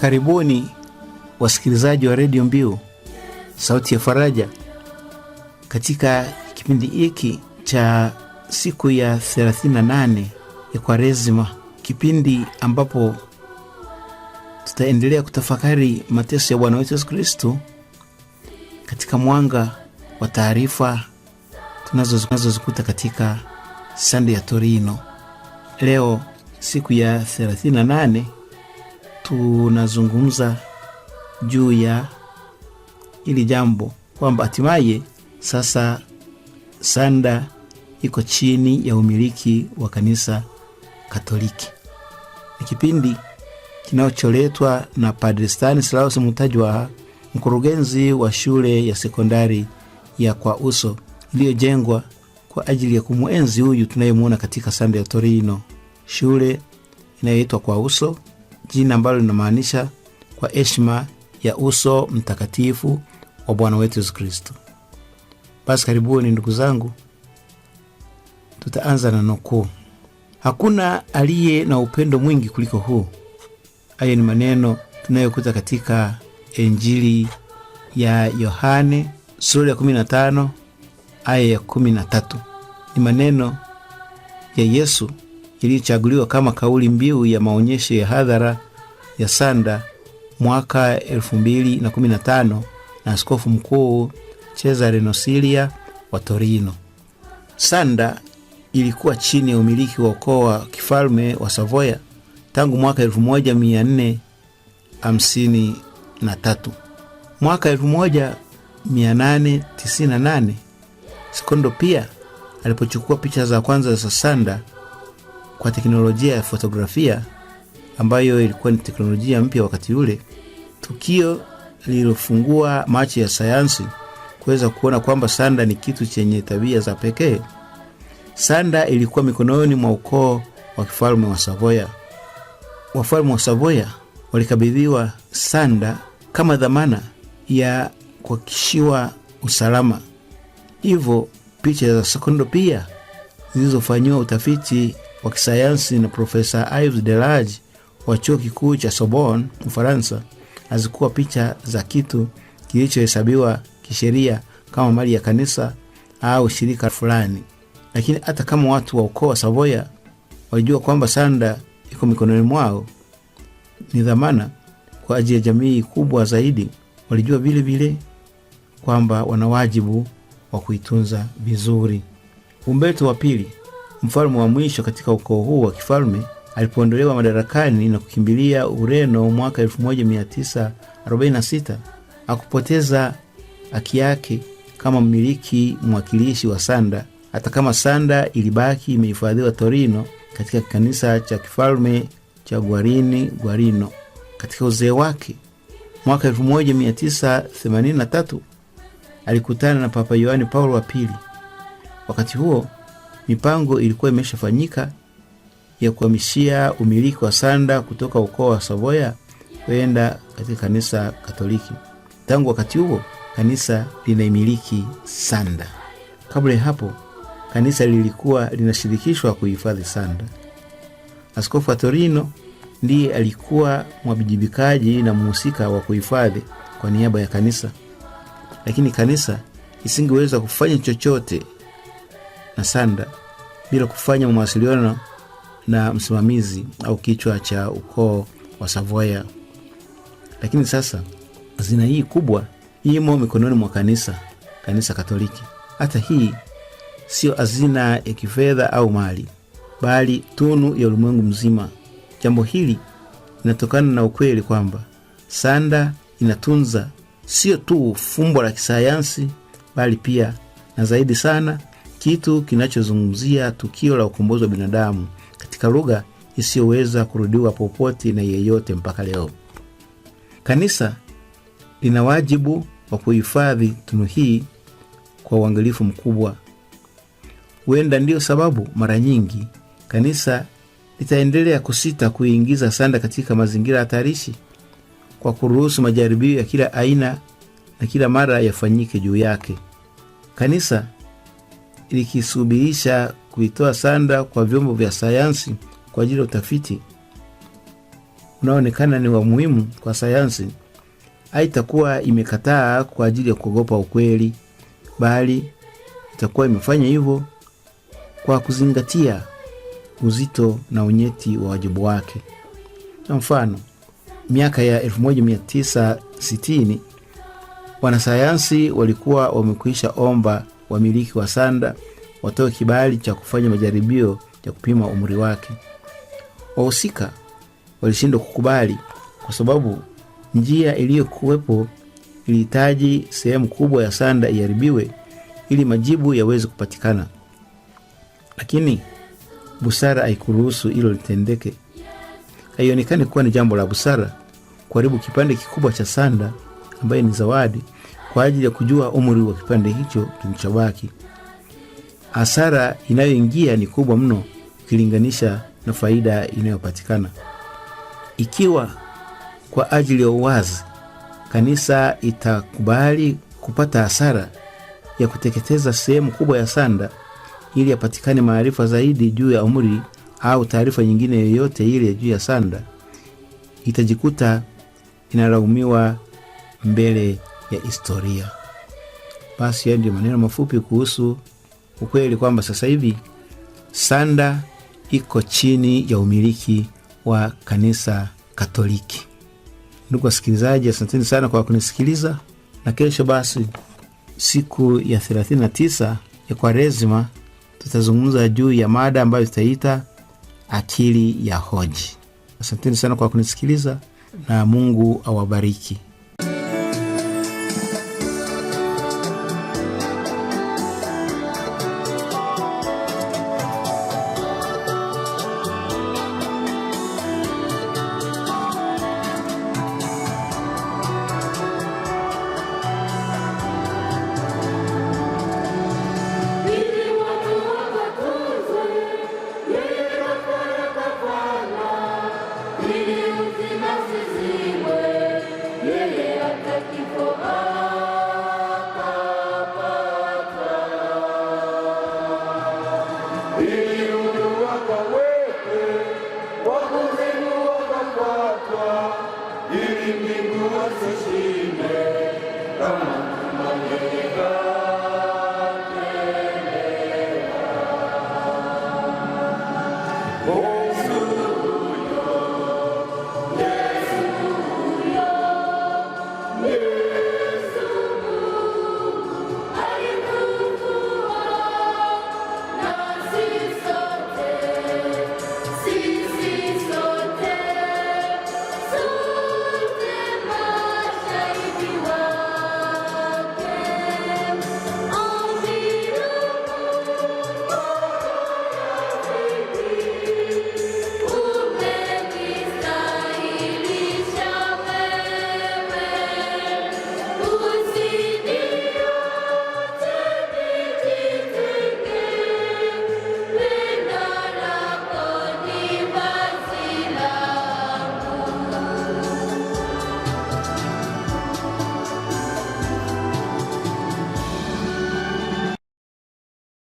Karibuni wasikilizaji wa redio Mbiu sauti ya faraja katika kipindi hiki cha siku ya 38 ya Kwaresima, kipindi ambapo tutaendelea kutafakari mateso ya Bwana wetu Yesu Kristo katika mwanga wa taarifa tunazozikuta katika sande ya Torino. Leo siku ya 38 tunazungumza juu ya hili jambo kwamba hatimaye sasa sanda iko chini ya umiliki wa kanisa Katoliki. Ni kipindi kinacholetwa na Padre Stanislaus Mutajwaha, mkurugenzi wa shule ya sekondari ya Kwa Uso iliyojengwa kwa ajili ya kumwenzi huyu tunayemwona katika sanda ya Torino, shule inayoitwa Kwa Uso jina ambalo linamaanisha kwa heshima ya uso mtakatifu wa Bwana wetu Yesu Kristo. Basi karibuni ndugu zangu, tutaanza na nukuu. Hakuna aliye na upendo mwingi kuliko huu. Hayo ni maneno tunayokuta katika Injili ya Yohane sura ya 15 aya ya 13. Ni maneno ya Yesu iliyochaguliwa kama kauli mbiu ya maonyesho ya hadhara ya sanda mwaka 2015 na, na askofu mkuu Cesare Nosilia wa Torino. Sanda ilikuwa chini ya umiliki wa ukoo wa kifalme wa Savoya tangu mwaka 1453. Mwaka 1898 Sekondo pia alipochukua picha za kwanza za sanda kwa teknolojia ya fotografia ambayo ilikuwa ni teknolojia mpya wakati ule, tukio lililofungua macho ya sayansi kuweza kuona kwamba sanda ni kitu chenye tabia za pekee. Sanda ilikuwa mikononi mwa ukoo wa kifalme wa Savoya. Wafalme wa Savoya walikabidhiwa sanda kama dhamana ya kuhakikishiwa usalama. Hivyo picha za sekondo pia zilizofanyiwa utafiti wa kisayansi na Profesa de Delage wa chuo kikuu cha Sorbonne, Ufaransa, hazikuwa picha za kitu kilichohesabiwa kisheria kama mali ya kanisa au shirika fulani. Lakini hata kama watu wa ukoo wa Savoya walijua kwamba sanda iko mikononi mwao, ni dhamana kwa ajili ya jamii kubwa zaidi, walijua vile vile kwamba wana wajibu wa kuitunza vizuri. Umberto wa Pili Mfalme wa mwisho katika ukoo huu wa kifalme alipoondolewa madarakani na kukimbilia Ureno mwaka 1946 akupoteza haki yake kama mmiliki mwakilishi wa sanda, hata kama sanda ilibaki imehifadhiwa Torino katika kanisa cha kifalme cha Guarini Guarino. Katika uzee wake mwaka 1983 alikutana na Papa Yohani Paulo wa pili. Wakati huo Mipango ilikuwa imeshafanyika ya kuhamishia umiliki wa sanda kutoka ukoo wa Savoya kwenda katika kanisa Katoliki. Tangu wakati huo kanisa linaimiliki sanda. Kabla ya hapo kanisa lilikuwa linashirikishwa kuhifadhi sanda. Askofu wa Torino ndiye alikuwa mwabijibikaji na mhusika wa kuhifadhi kwa niaba ya kanisa, lakini kanisa isingeweza kufanya chochote na sanda bila kufanya mawasiliano na msimamizi au kichwa cha ukoo wa Savoya. Lakini sasa hazina hii kubwa imo mikononi mwa kanisa, kanisa Katoliki. Hata hii siyo hazina ya kifedha au mali, bali tunu ya ulimwengu mzima. Jambo hili linatokana na ukweli kwamba sanda inatunza sio tu fumbo la kisayansi, bali pia na zaidi sana kitu kinachozungumzia tukio la ukombozi wa binadamu katika lugha isiyoweza kurudiwa popote na yeyote mpaka leo. Kanisa lina wajibu wa kuhifadhi tunu hii kwa uangalifu mkubwa. Huenda ndiyo sababu mara nyingi kanisa litaendelea kusita kuiingiza sanda katika mazingira hatarishi kwa kuruhusu majaribio ya kila aina na kila mara yafanyike juu yake. Kanisa likisubirisha kuitoa Sanda kwa vyombo vya sayansi kwa ajili ya utafiti unaoonekana ni wa muhimu kwa sayansi, haitakuwa imekataa kwa ajili ya kuogopa ukweli, bali itakuwa imefanya hivyo kwa kuzingatia uzito na unyeti wa wajibu wake. Kwa mfano, miaka ya 1960 wanasayansi walikuwa wamekwisha omba wamiliki wa sanda watoe kibali cha kufanya majaribio ya kupima umri wake. Wahusika walishindwa kukubali kwa sababu njia iliyokuwepo ilihitaji sehemu kubwa ya sanda iharibiwe ili majibu yaweze kupatikana, lakini busara haikuruhusu hilo litendeke. Haionekani kuwa ni jambo la busara kuharibu kipande kikubwa cha sanda ambaye ni zawadi kwa ajili ya kujua umri wa kipande hicho kilichobaki. Hasara inayoingia ni kubwa mno ukilinganisha na faida inayopatikana. Ikiwa kwa ajili ya uwazi, kanisa itakubali kupata hasara ya kuteketeza sehemu kubwa ya sanda ili yapatikane maarifa zaidi juu ya umri au taarifa nyingine yoyote ile juu ya sanda, itajikuta inalaumiwa mbele ya historia. Basi hayo ndio maneno mafupi kuhusu ukweli kwamba sasa hivi sanda iko chini ya umiliki wa kanisa Katoliki. Ndugu wasikilizaji, asanteni sana kwa kunisikiliza, na kesho basi, siku ya 39 ya Kwaresima, tutazungumza juu ya mada ambayo tutaita akili ya hoji. Asanteni sana kwa kunisikiliza na Mungu awabariki. 이름이무엇이에감사합니